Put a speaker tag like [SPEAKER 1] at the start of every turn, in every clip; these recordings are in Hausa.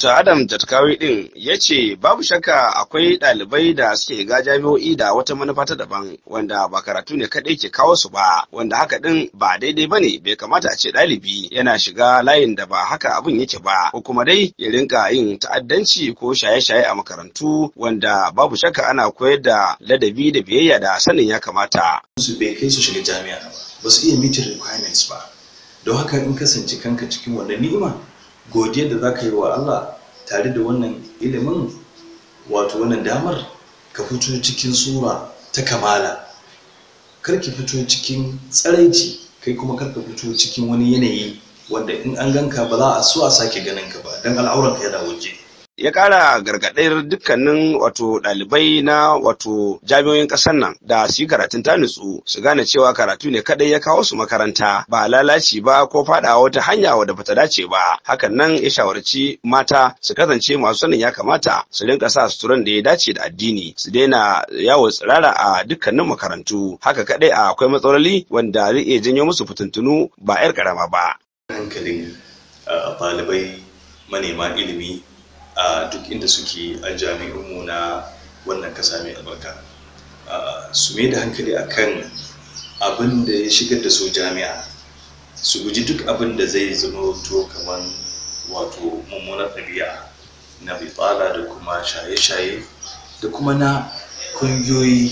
[SPEAKER 1] Dr. Adam Jatkawi din ya ce babu shakka akwai ɗalibai da suke ga jami'o'i da wata manufa ta daban wanda ba karatu ne kaɗai ke kawo su ba wanda haka din ba daidai ba ne bai kamata a ce ɗalibi yana shiga layin da ba haka abin yake ba ko kuma dai ya rinka yin ta'addanci ko shaye-shaye a makarantu wanda babu shakka ana koyar da ladabi da biyayya da sanin ya kamata. Su bai kai su shiga jami'a
[SPEAKER 2] ba, su iya meeting requirements ba. Don haka in kasance kanka cikin wannan ni'ima godiyar da za ka yi wa Allah tare da wannan ilimin wato wannan damar ka fito cikin sura ta kamala kar ki fito cikin tsaraici kai kuma kar ka fito cikin wani yanayi wanda in an ganka ba za a so a sake ganin ka ba don al'auranka yana waje
[SPEAKER 1] ya kara gargadar dukkanin wato ɗalibai na wato jami'oyin ƙasar nan da su yi karatun ta nutsu su gane cewa karatu ne kadai ya kawo su makaranta ba lalaci ba ko faɗawa wata hanya wadda bata dace ba hakan nan ya shawarci mata su kasance masu sanin ya kamata su rinka sa suturan da ya dace da addini su daina yawo tsirara a dukkanin makarantu haka kadai akwai matsaloli wanda zai iya janyo musu fitintunu ba 'yar karama ba.
[SPEAKER 2] hankalin ah, ɗalibai manema ilimi a duk inda suke a jami'inmu na wannan kasa mai albarka su mai da hankali a kan abin da ya shigar da su jami'a su guji duk abin da zai zama to kamar wato mummunar ɗabi'a na bifala da kuma shaye-shaye da kuma na kungiyoyi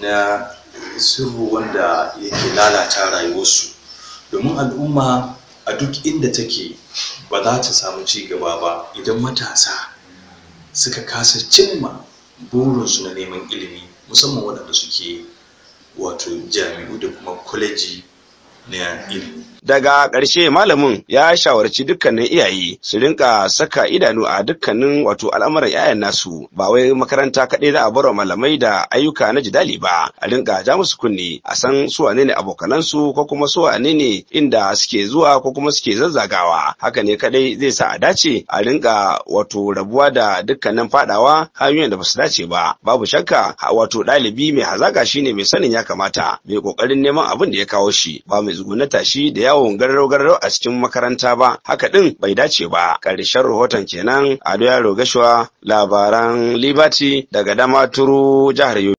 [SPEAKER 2] na sirru wanda yake lalata rayuwarsu domin al'umma a duk inda take ba za ta samu ci gaba ba idan matasa suka kasa cimma burinsu na neman ilimi musamman waɗanda suke wato jami'u da kuma kwaleji
[SPEAKER 1] na ilimi daga ƙarshe malamin ya shawarci dukkanin iyaye su rinka saka idanu a dukkanin wato al'amuran 'ya'yan nasu ba wai makaranta kaɗai za a bar malamai da ayyuka na jidali ba a rinka ja musu kunne a san su wane ne abokanansu ko kuma su wane ne inda suke zuwa ko kuma suke zazzagawa haka ne kaɗai zai sa a dace a rinka wato rabuwa da dukkanin faɗawa hanyoyin da ba su dace ba babu shakka wato ɗalibi mai hazaƙa shine mai sanin ya kamata mai ƙoƙarin neman abin da ya kawo shi ba mai tsugunata shi da ya yawo garau-garau a cikin makaranta ba haka din bai dace ba ƙarshen rahoton kenan ado doya gashuwa labaran liberty daga damaturu jihar yobe